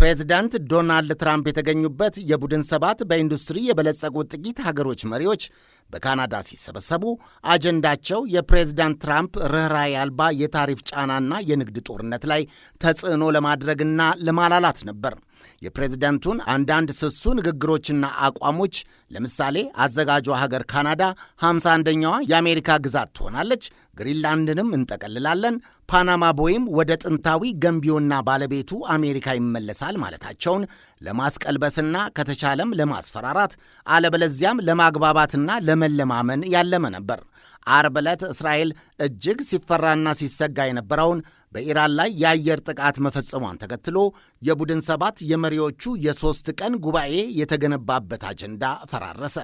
ፕሬዚዳንት ዶናልድ ትራምፕ የተገኙበት የቡድን ሰባት በኢንዱስትሪ የበለጸጉ ጥቂት ሀገሮች መሪዎች በካናዳ ሲሰበሰቡ አጀንዳቸው የፕሬዚዳንት ትራምፕ ርኅራኄ አልባ የታሪፍ ጫናና የንግድ ጦርነት ላይ ተጽዕኖ ለማድረግና ለማላላት ነበር። የፕሬዝደንቱን አንዳንድ ስሱ ንግግሮችና አቋሞች ለምሳሌ አዘጋጇ ሀገር ካናዳ 51ኛዋ የአሜሪካ ግዛት ትሆናለች ግሪንላንድንም እንጠቀልላለን፣ ፓናማ ቦይም ወደ ጥንታዊ ገንቢውና ባለቤቱ አሜሪካ ይመለሳል ማለታቸውን ለማስቀልበስና ከተቻለም ለማስፈራራት አለበለዚያም ለማግባባትና ለመለማመን ያለመ ነበር። አርብ ዕለት እስራኤል እጅግ ሲፈራና ሲሰጋ የነበረውን በኢራን ላይ የአየር ጥቃት መፈጸሟን ተከትሎ የቡድን ሰባት የመሪዎቹ የሦስት ቀን ጉባኤ የተገነባበት አጀንዳ ፈራረሰ።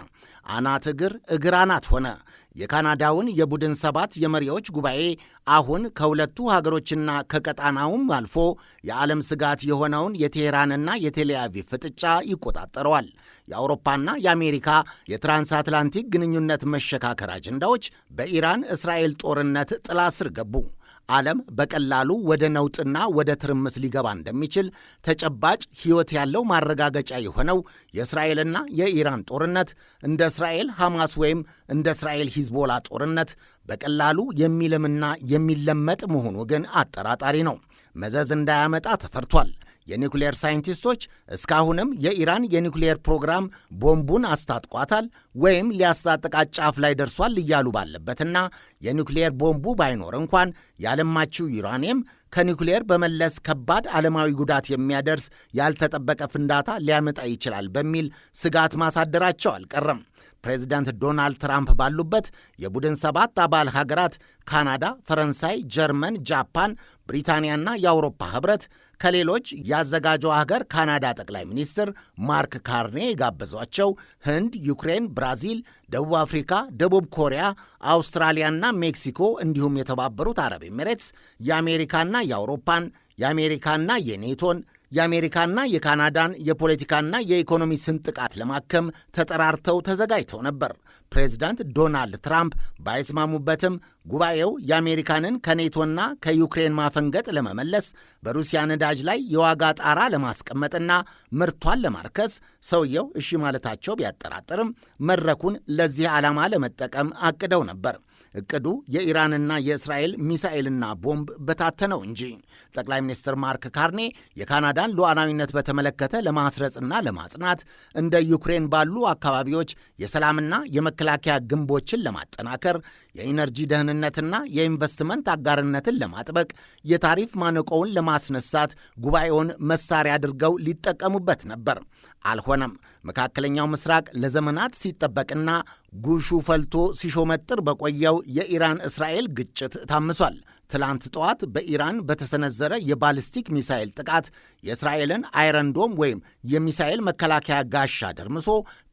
አናት እግር እግር አናት ሆነ። የካናዳውን የቡድን ሰባት የመሪዎች ጉባኤ አሁን ከሁለቱ ሀገሮችና ከቀጣናውም አልፎ የዓለም ስጋት የሆነውን የቴሄራንና የቴልአቪቭ ፍጥጫ ይቆጣጠረዋል። የአውሮፓና የአሜሪካ የትራንስአትላንቲክ ግንኙነት መሸካከር አጀንዳዎች በኢራን እስራኤል ጦርነት ጥላ ስር ገቡ። ዓለም በቀላሉ ወደ ነውጥና ወደ ትርምስ ሊገባ እንደሚችል ተጨባጭ ሕይወት ያለው ማረጋገጫ የሆነው የእስራኤልና የኢራን ጦርነት እንደ እስራኤል ሐማስ ወይም እንደ እስራኤል ሂዝቦላ ጦርነት በቀላሉ የሚልምና የሚለመጥ መሆኑ ግን አጠራጣሪ ነው። መዘዝ እንዳያመጣ ተፈርቷል። የኒውክሌር ሳይንቲስቶች እስካሁንም የኢራን የኒውክሌር ፕሮግራም ቦምቡን አስታጥቋታል ወይም ሊያስታጥቃት ጫፍ ላይ ደርሷል እያሉ ባለበትና የኒውክሌር ቦምቡ ባይኖር እንኳን ያለማችው ዩራኒየም ከኒውክሌር በመለስ ከባድ ዓለማዊ ጉዳት የሚያደርስ ያልተጠበቀ ፍንዳታ ሊያመጣ ይችላል በሚል ስጋት ማሳደራቸው አልቀረም። ፕሬዚዳንት ዶናልድ ትራምፕ ባሉበት የቡድን ሰባት አባል ሀገራት ካናዳ፣ ፈረንሳይ፣ ጀርመን፣ ጃፓን፣ ብሪታንያና የአውሮፓ ህብረት ከሌሎች ያዘጋጀው ሀገር ካናዳ ጠቅላይ ሚኒስትር ማርክ ካርኔ የጋበዟቸው ህንድ፣ ዩክሬን፣ ብራዚል፣ ደቡብ አፍሪካ፣ ደቡብ ኮሪያ፣ አውስትራሊያና ሜክሲኮ እንዲሁም የተባበሩት አረብ ኤሚሬትስ የአሜሪካና የአውሮፓን የአሜሪካና የኔቶን የአሜሪካና የካናዳን የፖለቲካና የኢኮኖሚ ስንጥቃት ለማከም ተጠራርተው ተዘጋጅተው ነበር። ፕሬዚዳንት ዶናልድ ትራምፕ ባይስማሙበትም ጉባኤው የአሜሪካንን ከኔቶና ከዩክሬን ማፈንገጥ ለመመለስ በሩሲያ ነዳጅ ላይ የዋጋ ጣራ ለማስቀመጥና ምርቷን ለማርከስ ሰውየው እሺ ማለታቸው ቢያጠራጥርም መድረኩን ለዚህ ዓላማ ለመጠቀም አቅደው ነበር። እቅዱ የኢራንና የእስራኤል ሚሳኤልና ቦምብ በታተነው እንጂ። ጠቅላይ ሚኒስትር ማርክ ካርኔ የካናዳን ሉዓላዊነት በተመለከተ ለማስረጽና ለማጽናት እንደ ዩክሬን ባሉ አካባቢዎች የሰላምና የመከላከያ ግንቦችን ለማጠናከር የኢነርጂ ደህንነትና የኢንቨስትመንት አጋርነትን ለማጥበቅ የታሪፍ ማነቆውን ለማስነሳት ጉባኤውን መሳሪያ አድርገው ሊጠቀሙበት ነበር። አልሆነም። መካከለኛው ምስራቅ ለዘመናት ሲጠበቅና ጉሹ ፈልቶ ሲሾመጥር በቆየው የኢራን እስራኤል ግጭት ታምሷል። ትላንት ጠዋት በኢራን በተሰነዘረ የባሊስቲክ ሚሳኤል ጥቃት የእስራኤልን አይረንዶም ወይም የሚሳኤል መከላከያ ጋሻ ደርምሶ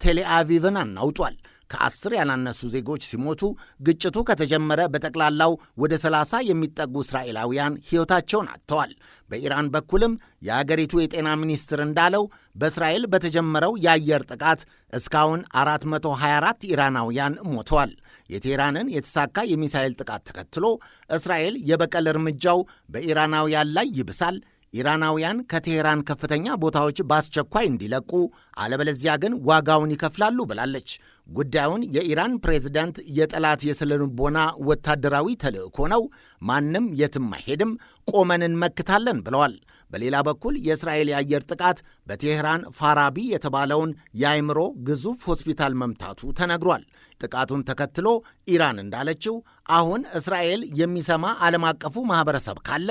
ቴሌአቪቭን አናውጧል። ከአስር ያላነሱ ዜጎች ሲሞቱ ግጭቱ ከተጀመረ በጠቅላላው ወደ 30 የሚጠጉ እስራኤላውያን ሕይወታቸውን አጥተዋል። በኢራን በኩልም የአገሪቱ የጤና ሚኒስትር እንዳለው በእስራኤል በተጀመረው የአየር ጥቃት እስካሁን 424 ኢራናውያን ሞተዋል። የቴህራንን የተሳካ የሚሳኤል ጥቃት ተከትሎ እስራኤል የበቀል እርምጃው በኢራናውያን ላይ ይብሳል። ኢራናውያን ከቴህራን ከፍተኛ ቦታዎች በአስቸኳይ እንዲለቁ አለበለዚያ ግን ዋጋውን ይከፍላሉ ብላለች። ጉዳዩን የኢራን ፕሬዝዳንት የጠላት የስለንቦና ወታደራዊ ተልዕኮ ነው፣ ማንም የትም አይሄድም፣ ቆመን እንመክታለን ብለዋል። በሌላ በኩል የእስራኤል የአየር ጥቃት በቴህራን ፋራቢ የተባለውን የአይምሮ ግዙፍ ሆስፒታል መምታቱ ተነግሯል። ጥቃቱን ተከትሎ ኢራን እንዳለችው አሁን እስራኤል የሚሰማ ዓለም አቀፉ ማኅበረሰብ ካለ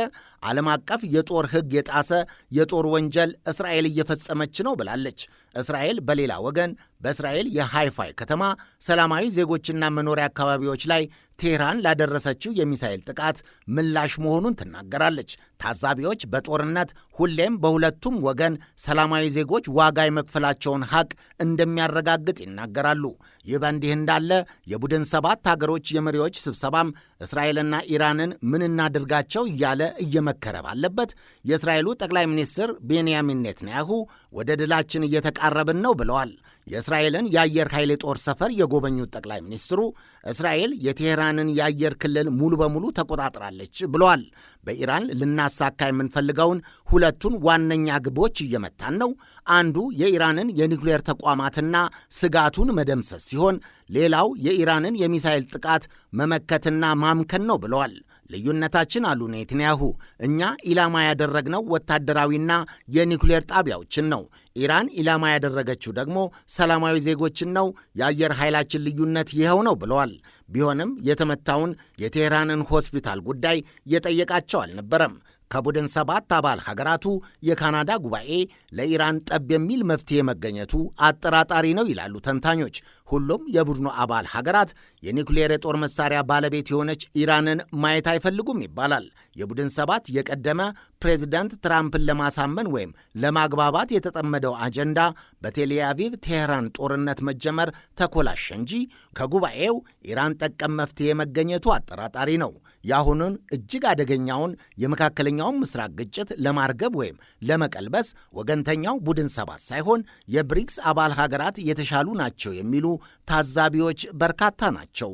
ዓለም አቀፍ የጦር ሕግ የጣሰ የጦር ወንጀል እስራኤል እየፈጸመች ነው ብላለች። እስራኤል በሌላ ወገን በእስራኤል የሃይፋይ ከተማ ሰላማዊ ዜጎችና መኖሪያ አካባቢዎች ላይ ቴህራን ላደረሰችው የሚሳኤል ጥቃት ምላሽ መሆኑን ትናገራለች። ታዛቢዎች በጦርነት ሁሌም በሁለቱም ወገን ሰላማዊ ዜጎች ዋጋ የመክፈላቸውን ሐቅ እንደሚያረጋግጥ ይናገራሉ። ይህ በእንዲህ እንዳለ የቡድን ሰባት ሀገሮች የመሪዎች ስብሰባም እስራኤልና ኢራንን ምን እናድርጋቸው እያለ እየመከረ ባለበት የእስራኤሉ ጠቅላይ ሚኒስትር ቤንያሚን ኔትንያሁ ወደ ድላችን እየተቃረብን ነው ብለዋል። የእስራኤልን የአየር ኃይል ጦር ሰፈር የጎበኙት ጠቅላይ ሚኒስትሩ እስራኤል የቴህራንን የአየር ክልል ሙሉ በሙሉ ተቆጣጥራለች ብለዋል። በኢራን ልናሳካ የምንፈልገውን ሁለቱን ዋነኛ ግቦች እየመታን ነው። አንዱ የኢራንን የኒውክሌር ተቋማትና ስጋቱን መደምሰስ ሲሆን፣ ሌላው የኢራንን የሚሳይል ጥቃት መመከትና ማምከን ነው ብለዋል። ልዩነታችን አሉ ኔትንያሁ፣ እኛ ኢላማ ያደረግነው ወታደራዊና የኒውክሌር ጣቢያዎችን ነው። ኢራን ኢላማ ያደረገችው ደግሞ ሰላማዊ ዜጎችን ነው። የአየር ኃይላችን ልዩነት ይኸው ነው ብለዋል። ቢሆንም የተመታውን የቴህራንን ሆስፒታል ጉዳይ የጠየቃቸው አልነበረም። ከቡድን ሰባት አባል ሀገራቱ የካናዳ ጉባኤ ለኢራን ጠብ የሚል መፍትሄ መገኘቱ አጠራጣሪ ነው ይላሉ ተንታኞች። ሁሉም የቡድኑ አባል ሀገራት የኒውክሌር የጦር መሳሪያ ባለቤት የሆነች ኢራንን ማየት አይፈልጉም ይባላል። የቡድን ሰባት የቀደመ ፕሬዚዳንት ትራምፕን ለማሳመን ወይም ለማግባባት የተጠመደው አጀንዳ በቴሌያቪቭ ቴህራን ጦርነት መጀመር ተኮላሸ እንጂ ከጉባኤው ኢራን ጠቀም መፍትሄ መገኘቱ አጠራጣሪ ነው። የአሁኑን እጅግ አደገኛውን የመካከለኛውን ምስራቅ ግጭት ለማርገብ ወይም ለመቀልበስ ወገንተኛው ቡድን ሰባት ሳይሆን የብሪክስ አባል ሀገራት የተሻሉ ናቸው የሚሉ ታዛቢዎች በርካታ ናቸው።